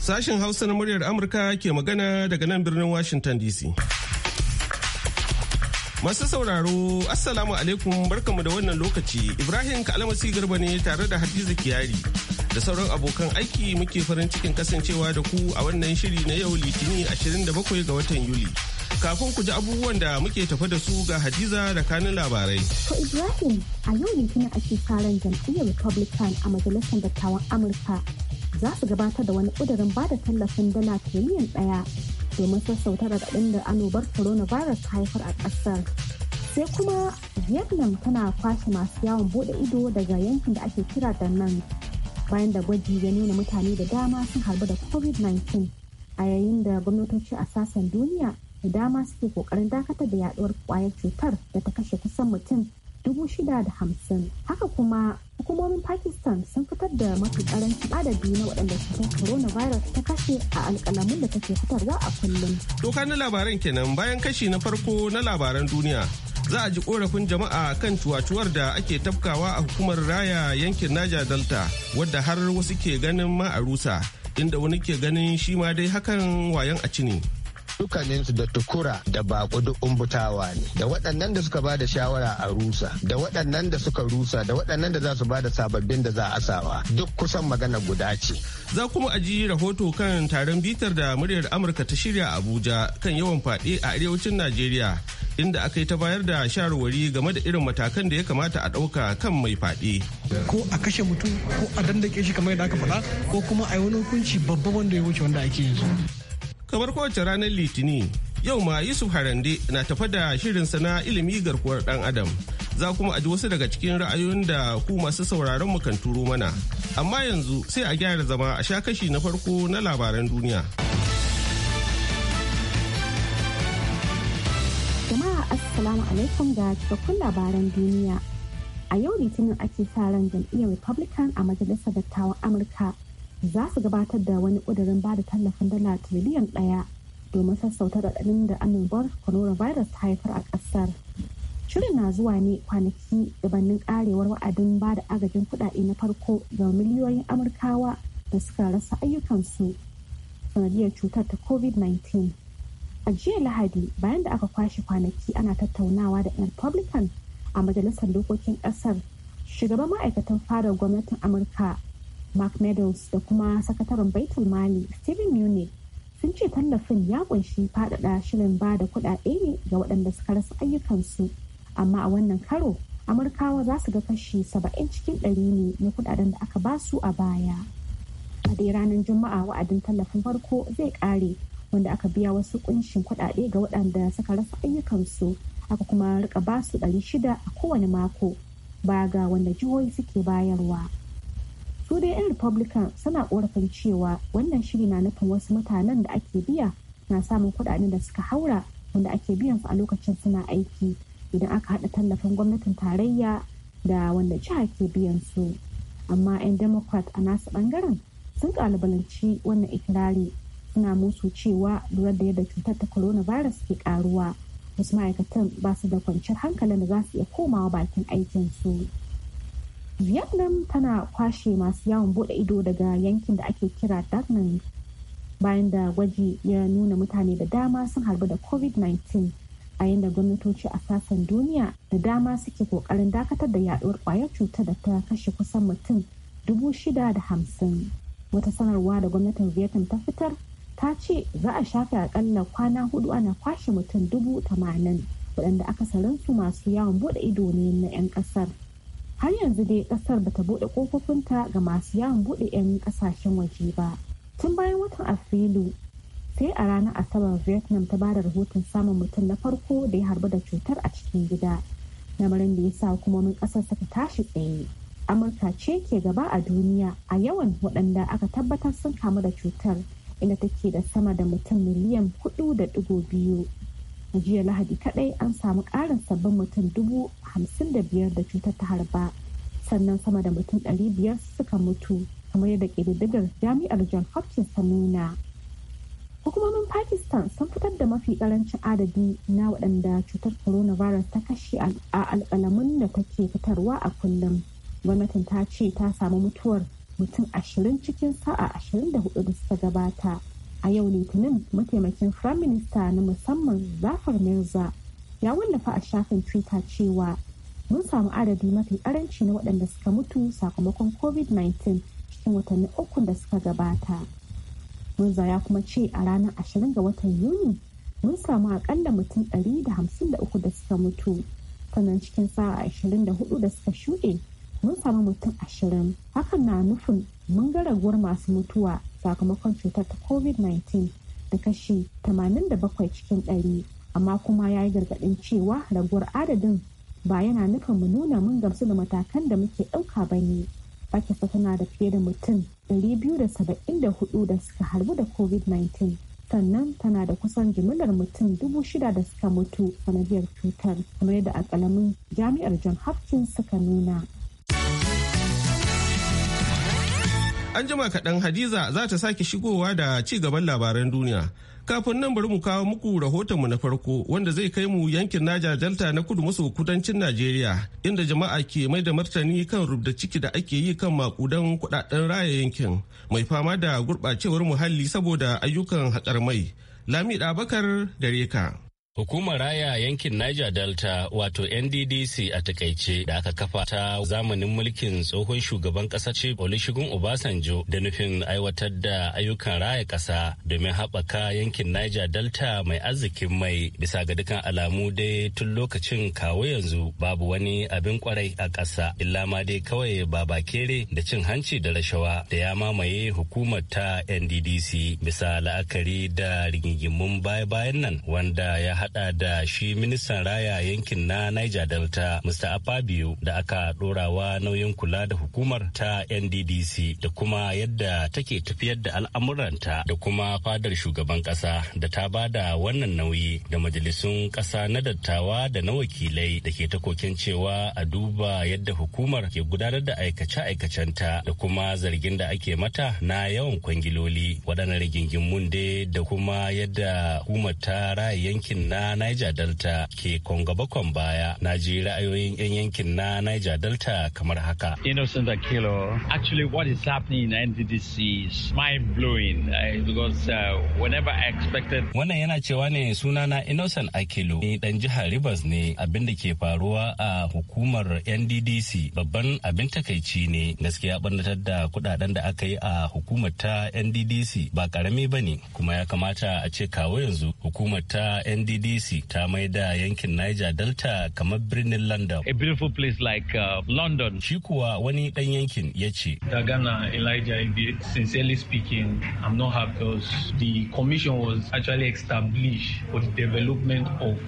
Sashen Hausa na muryar Amurka ke magana daga nan birnin Washington DC. Masu sauraro, Assalamu alaikum barkanmu da wannan lokaci. Ibrahim Kalmasi Garba ne tare da Hadiza Kiyari da sauran abokan aiki muke farin cikin kasancewa da ku a wannan shiri na yau Litini 27 ga watan Yuli. Kafin ku ji abubuwan da muke tafa da su ga Hadiza da kanin labarai. To Ibrahim, a yau Litinin ake karan jam'iyyar Republican a majalisar dattawan Amurka za su gabatar da wani ƙudurin ba da tallafin dala tiriliyan ɗaya domin sassauta raɗaɗin da annobar coronavirus ta haifar a ƙasar. Sai kuma Vietnam tana kwashe masu yawon buɗe ido daga yankin da ake kira da nan bayan da gwaji ya nuna mutane da dama sun harbu da COVID-19 a yayin da gwamnatoci a sassan duniya da dama suke kokarin dakatar da yaduwar kwayar cutar da ta kashe kusan mutum dubu shida da hamsin haka kuma hukumomin pakistan sun fitar da mafi karanci adadi na waɗanda cutar coronavirus ta kashe a alƙalamin da take fitarwa a kullum doka na labaran kenan bayan kashi na farko na labaran duniya za a ji korafin jama'a kan cuwacuwar da ake tafkawa a hukumar raya yankin naja delta wadda har wasu ke ganin ma a rusa inda wani ke ganin shi ma dai hakan wayan a ci ne dukkaninsu da tukura da bako duk umbutawa ne da waɗannan da suka ba da shawara a rusa da waɗannan da suka rusa da waɗannan da za su ba da sababbin da za a sawa duk kusan magana guda ce za kuma aji rahoto kan taron bitar da muryar amurka ta shirya abuja kan yawan fadi a arewacin najeriya inda aka yi ta bayar da shawarwari game da irin matakan da ya kamata a ɗauka kan mai faɗi. Ko a kashe mutum ko a dandake shi kamar yadda aka faɗa ko kuma a yi wani hukunci babba wanda ya wuce wanda ake yanzu. Kamar kowace ranar Litinin, yau ma Yusuf Harande na tafa da shirinsa na ilimi garkuwar dan Adam. Za kuma a ji wasu daga cikin ra'ayoyin da ku masu sauraron mu kan turo mana. Amma yanzu sai a gyara zama a sha kashi na farko na labaran duniya. Jama'a Assalamu alaikum ga cikakkun labaran duniya. A yau Litinin ake sa ran jam'iyyar Republican a Majalisar Dattawan Amurka za su gabatar da wani ƙudurin ba da tallafin dala miliyan ɗaya domin sassauta raɗaɗin da annobar coronavirus ta haifar a ƙasar. Shirin na zuwa ne kwanaki gabanin karewar wa'adin ba da agajin kuɗaɗe na farko ga miliyoyin Amurkawa da suka rasa ayyukansu sanadiyar cutar ta COVID-19. A jiya Lahadi bayan da aka kwashe kwanaki ana tattaunawa da 'yan Republican a majalisar dokokin ƙasar, shugaban ma'aikatan fadar gwamnatin Amurka mark meadows da kuma sakataren baitul mali steven munich sun ce tallafin ya kunshi faɗaɗa shirin ba da kuɗaɗe ne ga waɗanda suka rasa ayyukansu amma a wannan karo amurkawa za su ga kashi saba'in cikin ɗari ne na kuɗaɗen da aka basu a baya a dai ranar juma'a wa'adin tallafin farko zai ƙare wanda aka biya wasu kunshin kuɗaɗe ga waɗanda suka rasa ayyukansu aka kuma rika basu 600 a kowane mako ba ga wanda jihohi suke bayarwa. su dai 'yan republican suna korafin cewa wannan shiri na nufin wasu mutanen da ake biya na samun kudaden da suka haura wanda ake biyan su a lokacin suna aiki idan aka haɗa tallafin gwamnatin tarayya da wanda jiha ke biyan su amma 'yan democrat a nasu bangaren sun kalubalanci wannan ikirari suna musu cewa lura da yadda cutar ta coronavirus ke karuwa wasu ma'aikatan ba su da kwanciyar hankalin da za su iya komawa bakin aikin su vietnam tana kwashe masu yawon bude ido daga yankin da ake kira darkman bayan da gwaji ya nuna mutane da dama sun harbu da covid-19 a yadda gwamnatoci a sassan duniya da dama suke kokarin dakatar da yaɗuwar kwayar cutar da ta kashe kusan mutum dubu shida da hamsin wata sanarwa da gwamnatin vietnam ta fitar ta ce za a shafe akalla kwana hudu ana kwashe mutum dubu tamanin waɗanda akasarinsu masu yawon bude ido ne na 'yan ƙasar har yanzu dai kasar bata bude kofofinta ga masu yawon bude 'yan kasashen waje ba tun bayan watan afrilu sai a ranar asabar vietnam ta bada rahoton samun mutum na farko da ya harbu da cutar a cikin gida lamarin da ya sa hukumomin kasar suka tashi tsaye amurka ce ke gaba a duniya a yawan waɗanda aka tabbatar sun kamu da cutar inda take da sama da mutum miliyan 4.2 jiya lahadi kadai an samu karin sabbin mutum dubu hamsin da biyar da cutar ta harba sannan sama da mutum ɗari biyar suka mutu kamar yadda ƙididdigar jami'ar john hopkins ta nuna hukumomin pakistan sun fitar da mafi karancin adadi na waɗanda cutar coronavirus ta kashe a alƙalamin da take fitarwa a kullum gwamnatin ta ce ta samu mutuwar mutum ashirin cikin sa'a ashirin da hudu da suka gabata a yau litinin mataimakin firayim minista na musamman zafar mirza ya wallafa a shafin twitter cewa mun samu adadi mafi karanci na waɗanda suka mutu sakamakon covid-19 cikin watanni uku da suka gabata mirza ya kuma ce a ranar 20 ga watan yuni mun samu akalla mutum 153 da suka mutu sannan cikin sa'a 24 da suka shuɗe mun samu mutum 20 hakan na nufin mun ga raguwar masu mutuwa sakamakon cutar ta covid-19 da kashi 87 cikin 100 amma kuma ya yi gargaɗin cewa raguwar adadin ba yana nufin mu nuna mun gamsu da matakan da muke ɗauka ba ne pakistan tana da fiye da mutum 274 da suka harbu da covid-19 sannan tana da kusan jimillar mutum dubu shida da suka mutu sanadiyar cutar kamar yadda alƙalamin jami'ar john hopkins suka nuna An jima kaɗan Hadiza za ta sake shigowa da ci gaban labaran duniya. Kafin nan bari mu kawo muku mu na farko wanda zai kai mu yankin Naja Delta na kudu maso kudancin Najeriya inda jama'a ke mai da martani kan rubda ciki da ake yi kan makudan kudaden raya yankin mai fama da gurɓacewar muhalli saboda ayyukan haƙar mai. Lami da Reka. Hukumar Raya Yankin Niger Delta wato NDDC a takaice da aka kafa ta zamanin mulkin tsohon shugaban ƙasashe ce Olusegun Obasanjo da nufin aiwatar da ayyukan raya ƙasa domin haɓaka yankin Niger Delta mai arzikin mai bisa ga dukkan alamu dai tun lokacin kawo yanzu babu wani abin kwarai a ƙasa illa ma dai kawai babakere da cin hanci da rashawa da ya mamaye hukumar ta NDDC bisa la'akari da rigingimun baya-bayan nan wanda ya hada da shi ministan raya yankin na Niger Delta Mr. Afabio da aka dorawa nauyin kula da hukumar ta NDDC da kuma yadda take tafiyar da al'amuranta da kuma fadar shugaban kasa da ta bada wannan nauyi da majalisun kasa na dattawa da na wakilai da ke takokin cewa a duba yadda hukumar ke gudanar da aikace-aikacenta da kuma zargin da ake mata na yawan kwangiloli waɗannan rigingimun da kuma yadda hukumar ta raya yankin na Niger Delta ke kwangabakon baya na ji ra'ayoyin 'yan yankin na Niger Delta kamar haka. Innocent Akilo, actually what is happening in NDDC is mind blowing eh, because uh, whenever I expected. Wannan yana cewa ne sunana Innocent Akilo ni dan jihar Rivers ne abin da ke faruwa a hukumar NDDC babban abin takaici ne gaskiya bannatar da kudaden da aka yi a hukumar ta NDDC ba karami bane kuma ya kamata a ce kawo yanzu hukumar ta NDDC CDC ta mai da yankin Niger Delta kamar birnin London. A beautiful place like uh, London. Shi kuwa wani ɗan yankin ya ce. Dagana Elijah Ibe, sincerely speaking, I'm not happy because the commission was actually established for the development of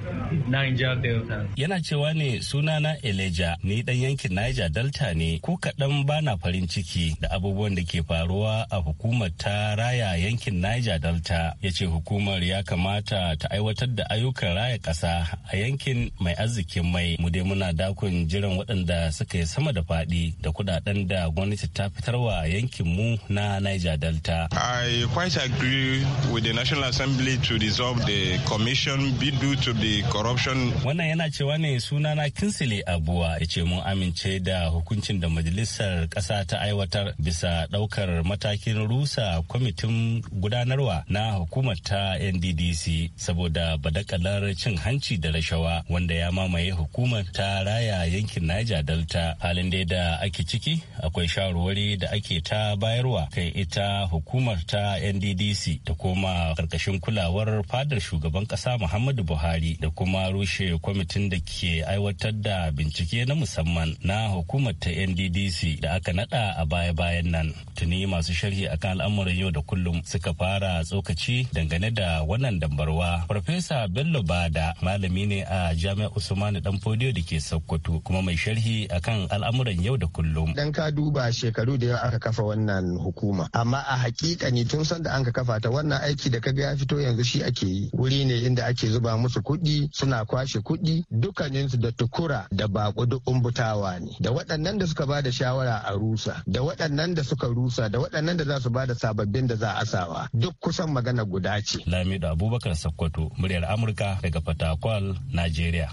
Niger Delta. Yana cewa ne sunana Elijah, ni ɗan yankin Niger Delta ne, ko kaɗan bana farin ciki da abubuwan da ke faruwa a hukumar ta raya yankin Niger Delta. Ya ce hukumar ya kamata ta aiwatar da ayyuka ayyukan raya ƙasa a yankin mai arzikin mai mu dai muna dakon jiran waɗanda suka yi sama da faɗi da kuɗaɗen da gwamnati ta fitarwa yankin mu na Niger Delta. I quite agree with the National Assembly to dissolve the commission be due to the corruption. Wannan yana cewa ne sunana Kinsley Abuwa ya ce mun amince da hukuncin da majalisar ƙasa ta aiwatar bisa ɗaukar matakin rusa kwamitin gudanarwa na hukumar ta NDDC saboda badaka badakalar cin hanci da rashawa wanda ya mamaye hukumar ta raya yankin Niger Delta halin dai da ake ciki akwai shawarwari da ake ta bayarwa kai ita hukumar ta NDDC da kuma karkashin kulawar fadar shugaban kasa Muhammadu Buhari da kuma rushe kwamitin da ke aiwatar da bincike na musamman na hukumar ta NDDC da aka nada a baya-bayan nan tuni masu sharhi akan al'amuran yau da kullum suka fara tsokaci dangane da wannan dambarwa farfesa Bello Bada malami ne a Jami'ar Usmanu Dan Fodiyo da ke Sokoto kuma mai sharhi akan al'amuran yau da kullum. Dan ka duba shekaru da yawa aka kafa wannan hukuma amma a hakika ni tun sanda an kafa ta wannan aiki da kaga ya fito yanzu shi ake yi wuri ne inda ake zuba musu kuɗi suna kwashe kuɗi dukkaninsu da tukura da bako duk umbutawa ne da waɗannan da suka ba da shawara a rusa da waɗannan da suka rusa da waɗannan da za su ba da sababbin da za a sawa duk kusan magana guda ce. Lamido Abubakar Sokoto muryar Amurka Amurka daga Fatakwal, Najeriya.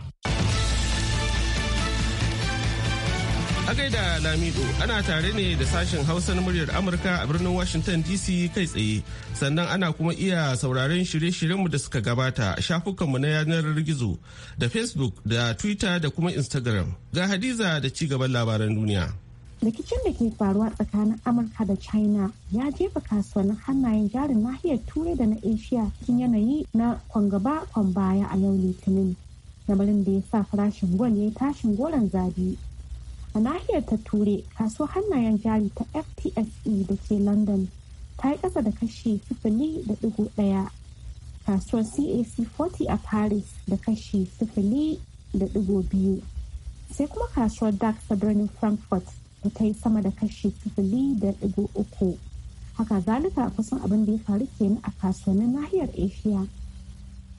A da Lamido ana tare ne da sashen Hausa na muryar Amurka a birnin Washington DC kai tsaye. Sannan ana kuma iya sauraron shirye-shiryenmu da suka gabata a shafukanmu na yanar gizo da Facebook da Twitter da kuma Instagram. Ga Hadiza da ci gaban labaran duniya. rikicin da ke faruwa tsakanin amurka da china ya jefa kasuwannin hannayen jarin nahiyar turai da na asia cikin yanayi na kwangaba kwambaya a yau litinin lamarin da ya sa farashin gwal ya yi tashin goron zabi a nahiyar ta turai kasuwar hannayen jari ta ftse da ke london ta yi kasa da kashi sifili da digo ɗaya kasuwar cac 40 a paris da kashi sifili da digo biyu sai kuma kasuwar dax a frankfurt ta yi sama da kashi sifili da digo uku haka zalika kusan abin da ya faru kenan a kasuwannin nahiyar asia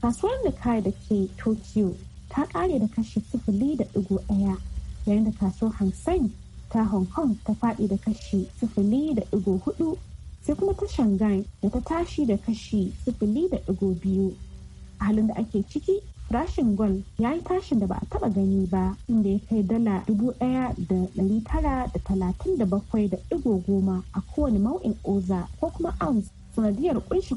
kasuwar da kai da ke tokyo ta ƙare da kashi sifili da ɗigo ɗaya yayin da kasuwar hansan ta hong kong ta faɗi da kashi sifili da ɗigo hudu sai kuma ta shanghai da ta tashi da kashi sifili da ɗigo biyu a halin da ake ciki Rashin gwal ya yi tashin da ba a taba gani ba inda ya kai dala dubu ɗaya da ɗari tara da talatin da bakwai da ɗigo goma a kowane mau'in oza ko kuma ounce sanadiyar kunshi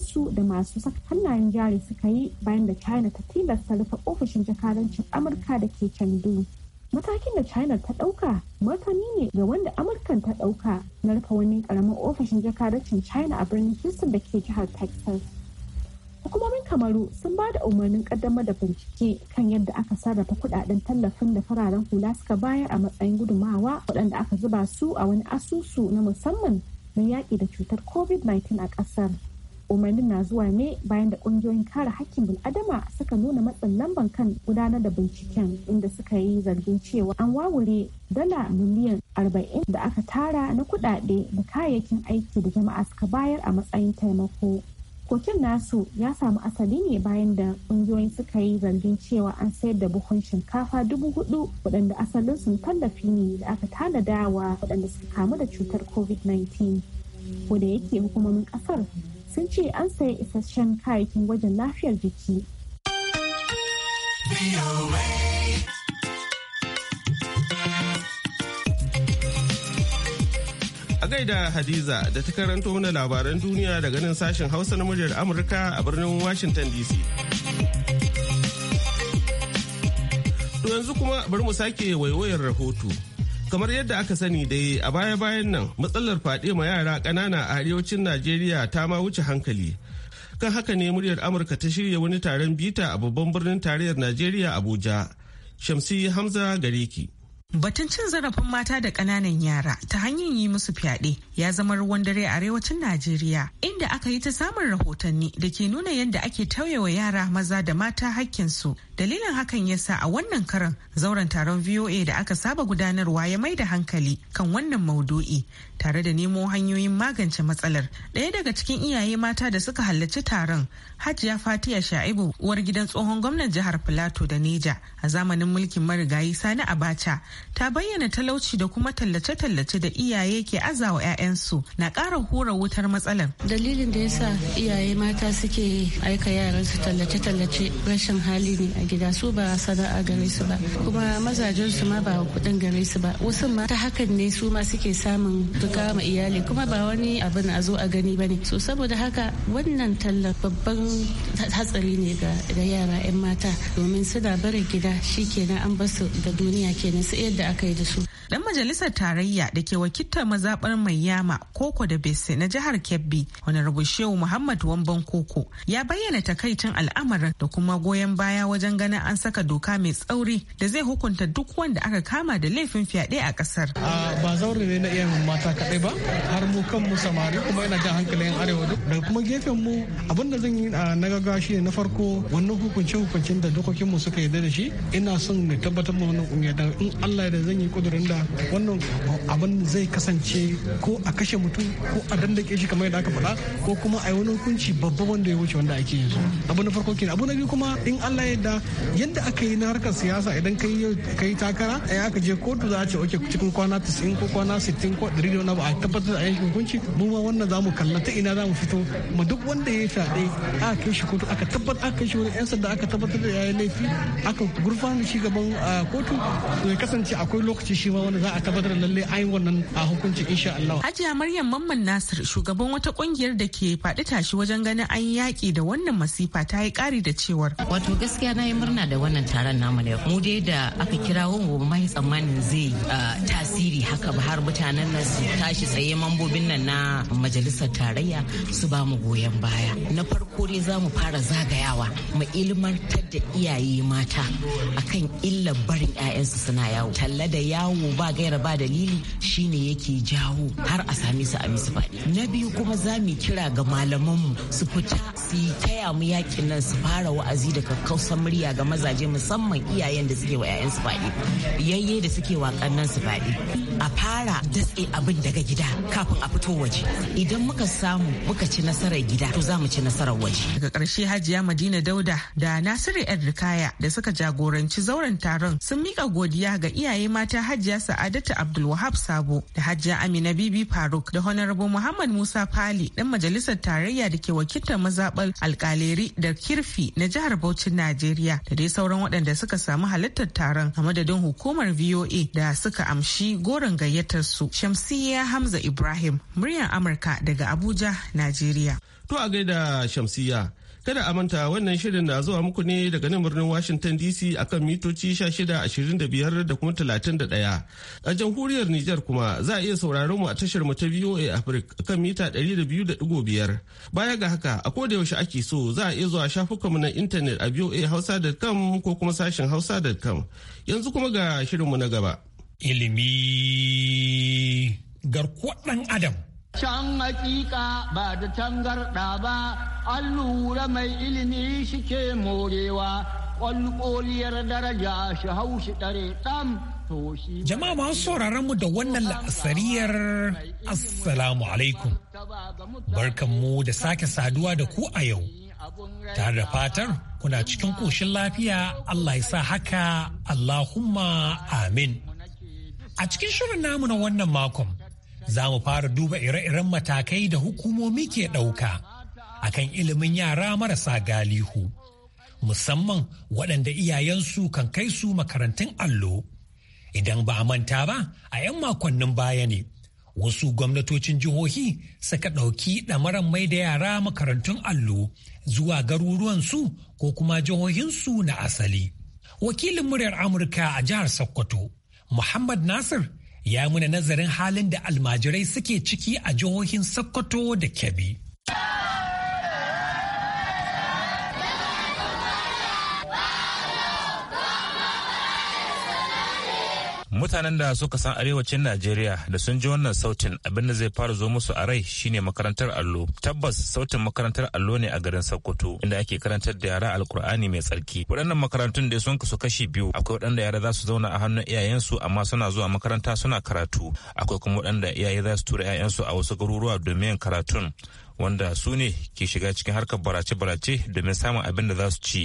su da masu saka hannayen jari suka yi bayan da china ta tilasta rufe ofishin jakarancin amurka da ke candu matakin da china ta dauka martani ne ga wanda amurkan ta dauka na rufe wani karamin ofishin jakarancin china a birnin houston da ke jihar texas hukumomin kamaru sun ba da umarnin kaddamar da bincike kan yadda aka sarrafa kudaden tallafin da fararen hula suka bayar a matsayin gudumawa waɗanda aka zuba su a wani asusu na musamman na yaƙi da cutar covid-19 a ƙasar umarnin na zuwa ne bayan da ƙungiyoyin kare hakkin bil'adama suka nuna matsin lamban kan gudanar da binciken inda suka yi zargin cewa an wawure dala miliyan 40 da aka tara na kudade da kayayyakin aiki da jama'a suka bayar a matsayin taimako kotun nasu ya samu asali ne bayan da ƙungiyoyin suka yi zargin cewa an sayar da buhun shinkafa dubu hudu waɗanda asalin sun tallafi ne da aka tanada wa waɗanda suka kamu da cutar covid-19 wada yake hukumomin ƙasar sun ce an sayi isasshen kayayyakin gwajin lafiyar jiki. A gaida Hadiza da ta karanto mana labaran duniya daga nan sashen Hausa na muryar Amurka a birnin Washington DC. To yanzu kuma bari mu sake waiwayar rahoto. Kamar yadda aka sani dai a baya-bayan nan matsalar fade ma yara ƙanana a arewacin Najeriya ta ma wuce hankali. Kan haka ne muryar Amurka ta shirya wani taron bita a babban birnin tarayyar Najeriya Abuja. Shamsi Hamza Gariki. Batun cin zarafin mata da ƙananan yara ta hanyar yi musu fyaɗe ya zama ruwan dare a arewacin Najeriya inda aka yi ta samun rahotanni da ke nuna yadda ake wa yara maza da mata hakkinsu. Dalilin hakan ya sa a wannan karan zauren taron VOA da aka saba gudanarwa ya mai da hankali kan wannan maudu'i tare da nemo hanyoyin magance matsalar. Ɗaya daga cikin iyaye mata da suka halarci taron Hajiya Fatiya Sha'ibu uwar gidan tsohon gwamnan jihar Filato da Neja a zamanin mulkin marigayi Sani Abacha ta bayyana talauci da kuma tallace-tallace da iyaye ke azawa 'ya'ya 'ya'yansu na ƙara hura wutar matsalar. Dalilin da yasa iyaye mata suke aika yaransu tallace-tallace rashin hali ne a gida su ba sana'a gare su ba kuma mazajen su ma ba kuɗin gare su ba wasu ma ta hakan ne su ma suke samun duka ma iyali kuma ba wani abin a zo a gani ba ne so saboda haka wannan talla babban hatsari ne ga yara 'yan mata domin suna bari gida shi kenan an basu da duniya kenan su yadda aka yi da su. Dan majalisar tarayya da ke wakiltar mazaɓar mai Nyama Koko da Bese na jihar Kebbi wani rubushewu Muhammad Wamban Koko ya bayyana takaicin al'amarin da kuma goyon baya wajen ganin an saka doka mai tsauri da zai hukunta duk wanda aka kama da laifin fyaɗe a ƙasar. Ba zaure ne na iya mata kaɗai ba har mu kanmu samari kuma yana jan hankalin arewa duk da kuma gefen mu abin da zan yi na gaggawa shi na farko wannan hukunce hukuncen da dokokin mu suka yarda da shi ina son ne tabbatar mu wannan kungiya da in Allah da zan yi kudurin da wannan abin zai kasance ko a kashe mutum ko a dandake shi kamar yadda aka faɗa ko kuma a yi wani hukunci babba wanda ya wuce wanda ake yanzu abu na farko kenan abu na biyu kuma in Allah ya yarda yadda aka yi na harkar siyasa idan kai kai takara ai aka je kotu za a ce oke cikin kwana 90 ko kwana 60 ko 100 wani ba a tabbatar da yi hukunci mu ma wannan zamu kalla ta ina zamu fito ma duk wanda ya fyaɗe a kai shi kotu aka tabbatar aka kai shi wani yan sanda aka tabbatar da yayi laifi aka gurfana shi gaban kotu to ya kasance akwai lokaci shi ma wanda za a tabbatar da lalle an yi wannan a hukunci insha Allah Hajiya Maryam Mamman Nasir shugaban wata kungiyar da ke faɗi tashi wajen ganin an yaƙi da wannan masifa ta yi ƙari da cewar. Wato gaskiya na yi murna da wannan taron namu ne. Mu dai da aka kira mu ba mai tsammanin zai tasiri haka ba har mutanen nan su tashi tsaye mambobin nan na majalisar tarayya su ba mu goyon baya. Na farko dai za mu fara zagayawa mu ilmantar da iyaye mata akan illar barin 'ya'yansu suna yawo. Talla da yawo ba gaira ba dalili shine yake jawo har a sami su a misu faɗi na biyu kuma za mu kira ga malamanmu su fita su yi taya mu yakin nan su fara wa'azi da kakkausar murya ga mazaje musamman iyayen da suke wa 'ya'yan su faɗi yayye da suke waƙan nan su faɗi a fara datse abin daga gida kafin a fito waje idan muka samu muka ci nasarar gida to za mu ci nasarar waje daga ƙarshe hajiya madina dauda da nasiru erikaya da suka jagoranci zauren taron sun mika godiya ga iyaye mata hajiya sa'adatu abdulwahab sabo da hajiya amina bibi Faruk da Honorable Muhammad Musa Fali dan majalisar tarayya da ke wakiltar mazaɓar alkaleri da kirfi na jihar Bauchi Najeriya da dai sauran waɗanda suka samu halittar taron a madadin hukumar VOA da suka amshi goron gayyatar su Shamsiyya Hamza Ibrahim muryar Amurka daga Abuja Najeriya. To a gaida Shamsiyya Kada a manta wannan shirin na zuwa muku ne daga nan birnin Washington DC akan mitoci 1625 da kuma 31. A jamhuriyar Niger kuma za a iya sauraron mu a tashar mu ta VOA Africa kan mita 200.5. Baya ga haka a koda yaushe ake so za a iya zuwa shafukan mu na intanet a hausa.com ko kuma sashin hausa.com. Yanzu kuma ga shirin mu na gaba. Ilimi garkuwar ɗan Adam. Can hakika ba da tangarɗa ba Allura mai ilimi shi ke morewa ƙwalƙoliyar daraja shi hau shi ɗare ɗan Jama'a masu sauraron mu da wannan la'asariyar Assalamu alaikum. Barkan mu da sake saduwa da ku a yau. Tare da fatar kuna cikin koshin lafiya Allah ya sa haka Allahumma amin. A cikin shirin namu na wannan makon, za mu fara duba ire-iren matakai da hukumomi ke ɗauka. akan ilimin yara marasa galihu musamman waɗanda iyayensu kan kai su makarantun allo idan ba a manta ba a 'yan makonnin baya ne wasu gwamnatocin jihohi suka ɗauki ɗamaran mai da yara makarantun allo zuwa garuruwansu ko kuma jihohinsu na asali wakilin muryar amurka a jihar sokoto muhammad nasir ya muna nazarin halin da almajirai suke ciki a jihohin sokoto da kebbi mutanen da suka san arewacin najeriya da sun ji wannan sautin abin da zai fara zo musu a rai shine makarantar allo tabbas sautin makarantar allo ne a garin sokoto inda ake karantar da yara alkur'ani mai tsarki waɗannan makarantun da sun kasu kashi biyu akwai waɗanda yara za su zauna a hannun iyayensu amma suna zuwa makaranta suna karatu akwai kuma waɗanda iyaye za su tura iyayensu a wasu garuruwa domin karatun wanda su ne ke shiga cikin harkar barace-barace domin samun abin da za su ci.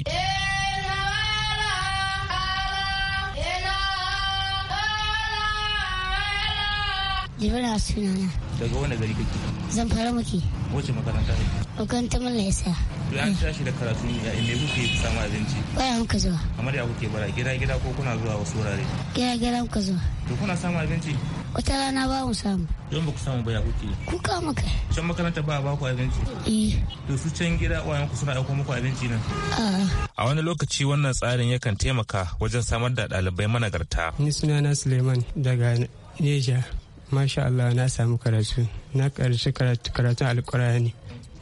suna na. Daga wani gari kake? Zamfara muke. Wace makaranta ne? Makaranta ya yasa. To an tashi da karatu ya ime kuke samu abinci? Baya muka zuwa. Kamar ya kuke bara gida gida ko kuna zuwa wasu wurare? Gida gida muka zuwa. To kuna samu abinci? Wata rana ba mu samu. Don ba ku samu ba ya kuke? Kuka muka. Can makaranta ba ba ku abinci? Eh. To su can gida wayan ku suna aiko muku abinci nan? A wani lokaci wannan tsarin yakan taimaka wajen samar da ɗalibai managarta. Ni sunana Suleiman daga Neja. masha Allah na samu karatu na karshe karatun alkurani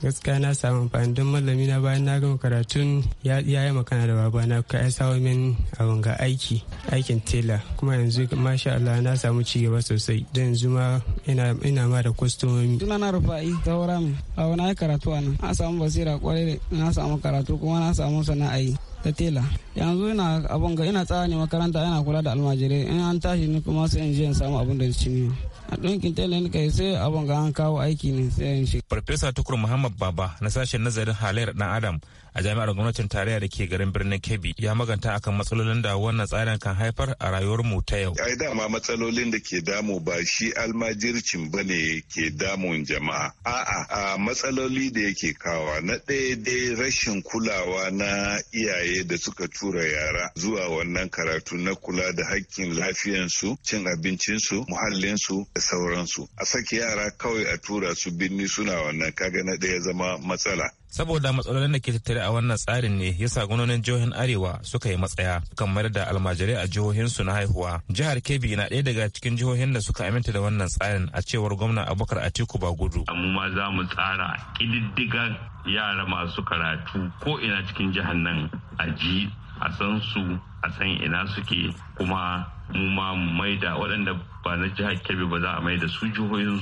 gaskiya na samu amfani don malami na bayan na gama karatun ya yi makana da baba na ka ya sawo min abin ga aiki aikin tela kuma yanzu masha Allah na samu ci gaba sosai don yanzu ma ina ma da kwastomomi suna na rufa'i ta wura mu abu na yi karatu a nan na samu basira kwarai na samu karatu kuma na samu sana'ai ta tela yanzu ina abin ga ina tsara ne makaranta ina kula da almajirai in an tashi ni kuma sai in je in samu abin da ci ne ɗinkin tela ne kai sai abin ga an kawo aiki ne sai yin shi. Farfesa Tukur Muhammad Baba na sashen nazarin halayyar ɗan Adam a jami'ar gwamnatin tarayya da ke garin birnin Kebbi ya maganta akan matsalolin da wannan tsarin kan haifar a rayuwar mu ta yau. Ai dama matsalolin da ke damu ba shi almajircin ba ne ke damun jama'a. A'a a matsaloli da yake kawa na ɗaya dai rashin kulawa na iyaye da suka tura yara zuwa wannan karatu na kula da hakkin lafiyansu, cin abincinsu, muhallinsu da sauransu. A sake yara kawai a tura su birni suna wannan kaga na ɗaya zama matsala. saboda matsalolin da ke tattare a wannan tsarin ne ya sa gwamnonin jihohin arewa suka yi matsaya kan mayar da almajirai a jihohinsu na haihuwa jihar kebbi na ɗaya daga cikin jihohin da suka aminta da wannan tsarin a cewar gwamna abubakar atiku bagudu mu ma za mu tsara ƙididdiga yara masu karatu ko ina cikin jihar nan a ji a san su a san ina suke kuma mu ma mu maida waɗanda ba na jihar kebbi ba za a maida su jihohin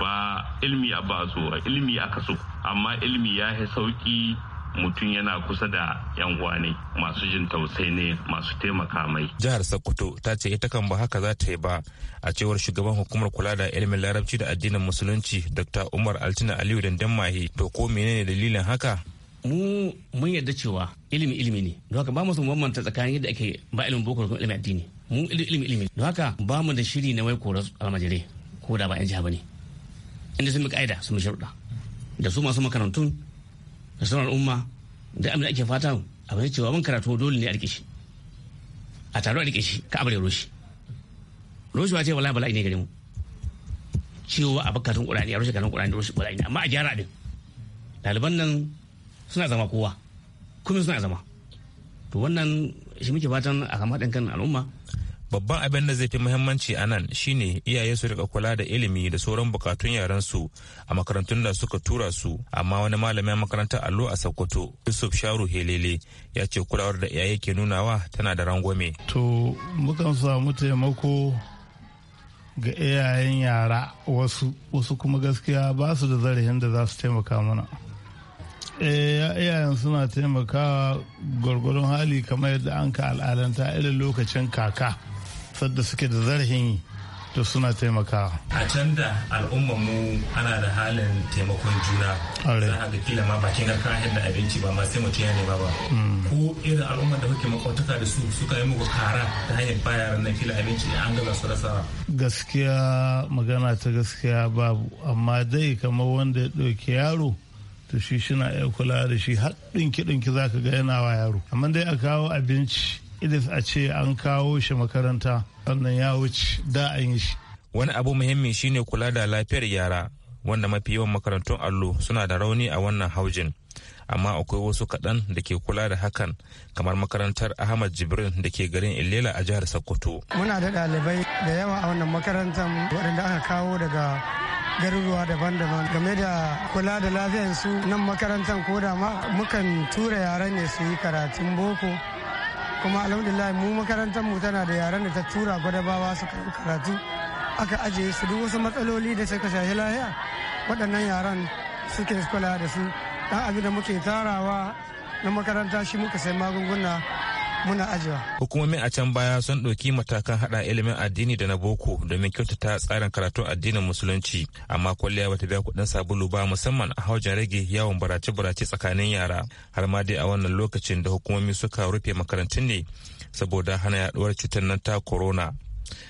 ba ilimi a ba ilimi aka so amma ilimi ya yi sauki mutum yana kusa da yan ne masu jin tausai ne masu taimaka mai. Jihar Sokoto ta ce ita kan ba haka za ta yi ba a cewar shugaban hukumar kula da ilimin larabci da addinin musulunci Dr. Umar Altina Aliyu Dandamahi to ko menene dalilin haka? mu mun yarda cewa ilimi ilimi ne don haka ba mu sun bambanta tsakanin yadda ake ba ilimin boko da ilimin addini mu ilimi ilimi don haka ba mu da shiri na wai koras almajire ko da ba yan jiha bane inda sun bi ka'ida sun bi sharuɗa da su masu makarantun da sauran al'umma da abin da ake fata a bayan cewa mun karatu dole ne a rike shi a taro a rike shi ka abre roshi roshi wace wala bala'i ne gare mu cewa a bakatun kurani a roshi karatun kurani roshi bala'i ne amma a gyara din ɗaliban nan suna zama kowa kuma suna zama to wannan shi muke fatan a kama ɗin kan al'umma babban abin da zai fi muhimmanci a nan shine iyaye su rika kula da ilimi da sauran bukatun yaransu a makarantun da suka tura su amma wani malamin makarantar allo a sokoto yusuf sharu helele ya ce kulawar da iyaye ke nunawa tana da rangwame to mukan samu taimako ga iyayen yara wasu wasu kuma gaskiya ba su da zarihin da za su taimaka mana eh, iyayen suna taimakawa gwargwaron hali kamar yadda an ka al'adanta irin lokacin kaka sadda suke da zarhin to suna taimakawa. A can da al'ummar mu ana da halin taimakon juna. Za a ga kila ma bakin garka yadda abinci ba ma sai mutum ya nema ba. Hmm. Ko irin al'ummar da kuke makwataka da su suka yi muku kara ta hanyar baya na kila abinci an gaza su rasa. Gaskiya magana ta gaskiya babu amma dai kamar wanda ya ɗauki yaro to shi shina iya kula da shi haɗin kiɗin ki za ka ga yana wa yaro. Amma dai a kawo abinci idris a ce an kawo shi makaranta wannan ya wuce da an yi shi wani abu muhimmi shine kula da lafiyar yara wanda mafi yawan makarantun allo suna da rauni a wannan haujin amma akwai wasu kaɗan da ke kula da hakan kamar makarantar ahmad jibrin da ke garin ilela a jihar sokoto muna da ɗalibai da yawa a wannan makarantar waɗanda aka kawo daga garuruwa daban-daban game da kula da lafiyarsu nan makarantar ko da ma mukan tura yaran ne su yi karatun boko kuma alhamdulillah mu makarantar mu tana da yaran da ta tura gwadabawa su karatu aka ajiye su duk wasu matsaloli da suka shafi lahiya waɗannan yaran suke kula da su dan abin da muke tarawa na makaranta shi muka sai magunguna muna ajiwa. Hukumomin a can baya sun ɗauki matakan haɗa ilimin addini da na boko domin kyautata tsarin karatun addinin musulunci amma kwalliya bata biya kuɗin sabulu ba musamman a hau rage yawon barace-barace tsakanin yara har ma dai a wannan lokacin da hukumomi suka rufe makarantun ne saboda hana yaɗuwar cutar nan ta corona.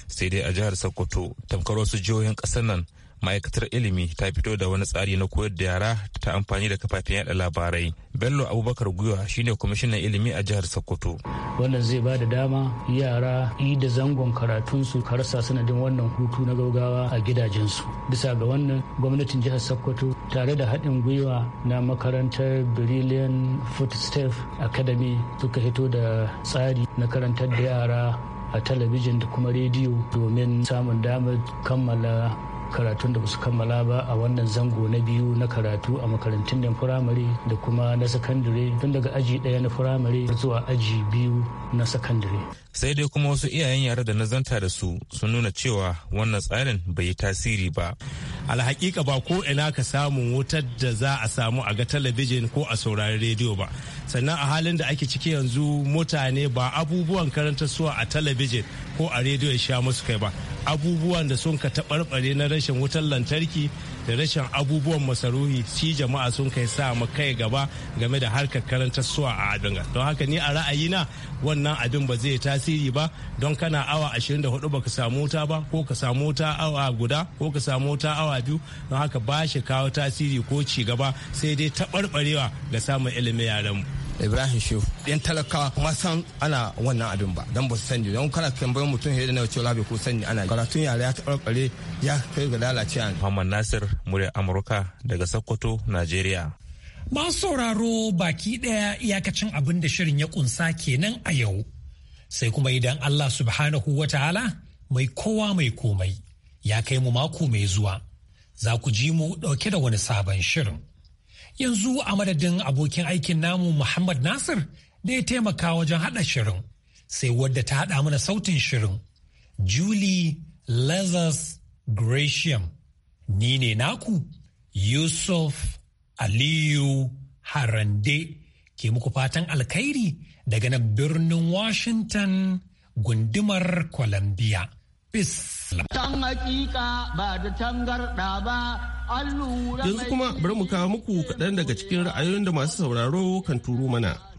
Sai dai a jihar Sokoto tamkar wasu jihohin ƙasar nan ma'aikatar ilimi ta fito da wani tsari na koyar da yara ta amfani da kafafen yada labarai bello abubakar gwiwa shine kwamishinan ilimi a jihar sokoto wannan zai ba da dama yara yi da zangon karatunsu ka rasa sanadin wannan hutu na gaugawa a gidajensu bisa ga wannan gwamnatin jihar sokoto tare da haɗin gwiwa na makarantar brilliant footstep academy suka hito da tsari na karantar da yara a talabijin da kuma rediyo domin samun damar kammala karatun da basu kammala ba a wannan zango na biyu na karatu a makarantun da firamare da kuma na sakandare tun daga aji daya na firamare zuwa aji biyu na sakandare. sai dai kuma wasu iyayen yara da na zanta da su sun nuna cewa wannan tsarin bai yi tasiri ba alhakika ba ko ina ka samu wutar da za a samu a ga talabijin ko a saurari rediyo ba sannan a halin da ake ciki yanzu mutane ba abubuwan karanta suwa a talabijin ko a rediyo ya sha musu kai ba abubuwan da sun ka taɓarɓare na rashin wutar lantarki da rashin abubuwan masaruhi shi jama'a sun kai sa mu kai gaba game da harkar karantar suwa a abin don haka ni a ra'ayina wannan abin ba zai tasiri ba don kana awa 24 baka samu wuta ba ko ka samu wuta awa guda ko ka samu wuta awa biyu don haka ba shi kawo tasiri ko ci gaba sai dai taɓarɓarewa ga samun ilimin yaran mu ibrahim shehu yan talakawa kuma san ana wannan abin ba don ba su sani don kana tambayar mutum yadda na cewa bai ko sani ana karatun yara ya taɓarɓare ya kai ga lalace a muhammad nasir murya amurka daga sokoto najeriya masu sauraro baki ɗaya iyakacin abin da shirin ya kunsa kenan a yau sai kuma idan allah subhanahu wa ta'ala mai kowa mai komai ya kai mu mako mai zuwa za ku ji mu ɗauke da wani sabon shirin. yanzu a madadin abokin aikin namu Muhammad Nasir da ya taimaka wajen haɗa shirin sai wadda ta haɗa mana sautin shirin Julie Lazarus Gratiam ni ne naku Yusuf Aliyu Harande ke muku fatan alkhairi daga nan birnin Washington gundumar Columbia. Peace. Tan ba da tangarda ba Yanzu kuma bari mu kawo muku kaɗan daga cikin ra'ayoyin da masu sauraro kan turo mana.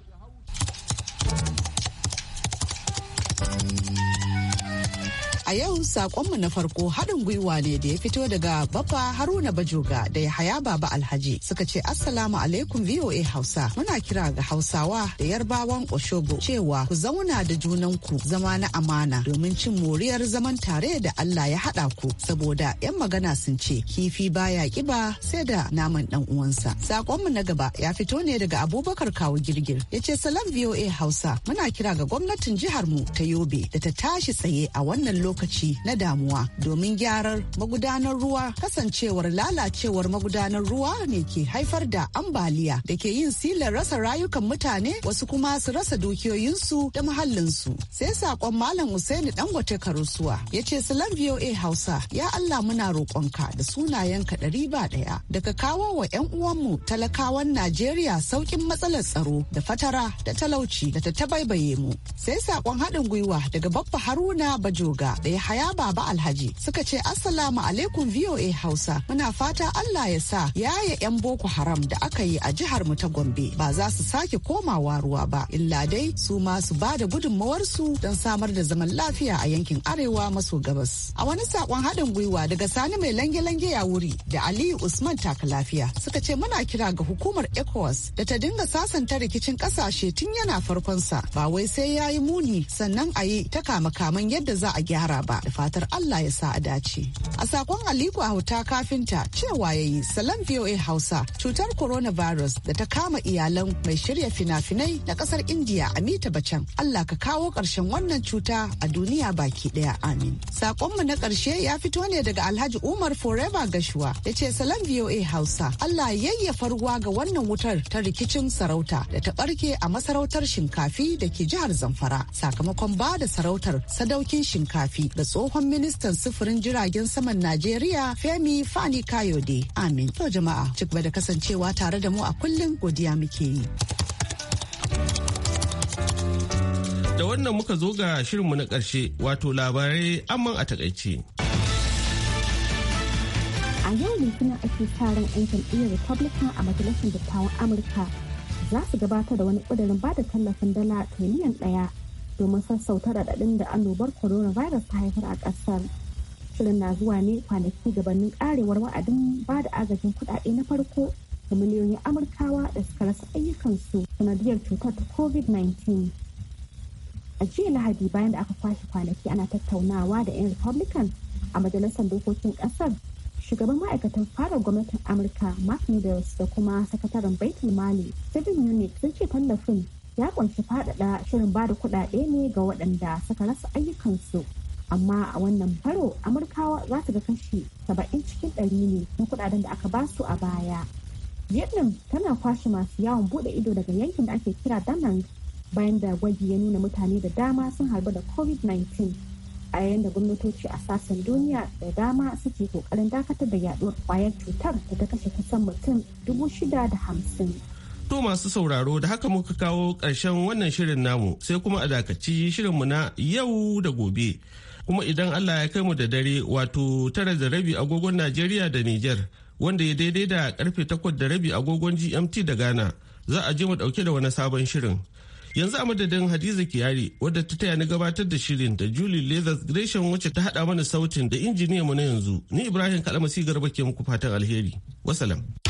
a yau sakonmu na farko haɗin gwiwa ne da ya fito daga Baffa Haruna Bajoga da Yahaya Baba Alhaji suka ce Assalamu alaikum VOA Hausa. Muna kira ga Hausawa da Yarbawan oshogo cewa ku zauna da junanku zama na amana domin cin moriyar zaman tare da Allah ya haɗa ku saboda 'yan magana sun ce kifi baya kiba sai da naman ɗan uwansa. Sakonmu na gaba ya fito ne daga Abubakar Kawo Girgir ya ce salam VOA Hausa muna kira ga gwamnatin jihar mu ta Yobe da ta tashi tsaye a wannan lokacin lokaci na damuwa domin gyarar magudanar ruwa kasancewar lalacewar magudanar ruwa ne ke haifar da ambaliya da ke yin silar rasa rayukan mutane wasu kuma su rasa dukiyoyinsu da muhallinsu. Sai sakon Malam Usaini Dangote Karusuwa ya ce Salam VOA Hausa ya Allah muna roƙonka da sunayenka ɗari ba ɗaya daga kawo wa 'yan uwanmu talakawan Najeriya sauƙin matsalar tsaro da fatara da talauci da ta tabaibaye mu. Sai sakon haɗin gwiwa daga Babba Haruna Bajoga da Yahaya Baba Alhaji suka ce Assalamu alaikum VOA Hausa. Muna fata Allah ya sa yaya 'yan Boko Haram da aka yi a jihar mu ta Gombe ba za su sake komawa ruwa ba. Illa dai su ma su ba da gudunmawarsu don samar da zaman lafiya a yankin Arewa maso gabas. A wani sakon haɗin gwiwa daga Sani mai lange-lange ya wuri da Aliyu Usman taka lafiya suka ce muna kira ga hukumar ECOWAS da ta dinga sasanta rikicin ƙasashe tun yana farkonsa ba wai sai ya yi muni sannan a yi ta kama-kaman yadda za a gyara nasara ba da fatar Allah ya sa a dace. A sakon Aliko Hauta kafinta cewa ya yi salam VOA Hausa cutar coronavirus da ta kama iyalan mai shirya fina-finai na kasar India Amita Bacan. Allah ka kawo ƙarshen wannan cuta a duniya baki ɗaya amin. Sakonmu na ƙarshe ya fito ne daga Alhaji Umar Forever Gashuwa ya ce salam VOA Hausa. Allah ya yayyafa ruwa ga wannan wutar ta rikicin sarauta da ta ɓarke a masarautar shinkafi da ke jihar Zamfara sakamakon ba da sarautar sadaukin shinkafi da tsohon ministan sufurin jiragen saman Najeriya Femi Fani Kayode. Amin. To jama'a, ci gaba da kasancewa tare da mu a kullum godiya muke yi. Da wannan muka zo ga shirinmu na ƙarshe wato labarai amman a takaice. A yau litinin ake taron 'yan jam'iyyar Republican a majalisar dattawan Amurka za su gabatar da wani ƙudurin ba da tallafin dala miliyan ɗaya domin sassauta raɗaɗin da annobar coronavirus ta haifar a ƙasar. Shirin na zuwa ne kwanaki gabanin karewar wa'adin ba da agajin kuɗaɗe na farko ga miliyoyin Amurkawa da suka rasa ayyukansu sanadiyar cutar ta COVID-19. A jiya Lahadi bayan da aka kwashe kwanaki ana tattaunawa da 'yan Republican a majalisar dokokin ƙasar shugaban ma'aikatan fara gwamnatin amurka mark meadows da kuma sakataren baitul mali 7 munich sun ce tallafin ya kunshi faɗaɗa shirin ba da kuɗaɗe ne ga waɗanda suka rasa ayyukansu amma a wannan faro amurkawa za su ga kashi saba'in cikin ɗari ne na kuɗaɗen da aka basu a baya vietnam tana kwashe masu yawon buɗe ido daga yankin da ake kira danang bayan da gwaji ya nuna mutane da dama sun harbu da covid-19 a yayin da gwamnatoci a sassan duniya da dama suke kokarin dakatar da yaduwar kwayar cutar da ta kashe kusan mutum dubu shida da hamsin. To masu sauraro da haka muka kawo ƙarshen wannan shirin namu sai kuma a dakaci shirinmu na yau da gobe. Kuma idan Allah ya kai mu da dare wato tara da rabi agogon Najeriya da niger wanda ya daidai da karfe takwas da rabi agogon GMT da Ghana za a je mu dauke da wani sabon shirin. Yanzu a madadin Hadiza Kiyari wadda ta taya ni gabatar da shirin da Julie Leathers Gresham wacce ta haɗa mana sautin da injiniya mu na yanzu ni Ibrahim Kalamasi Garba ke muku fatan alheri. Wasalam.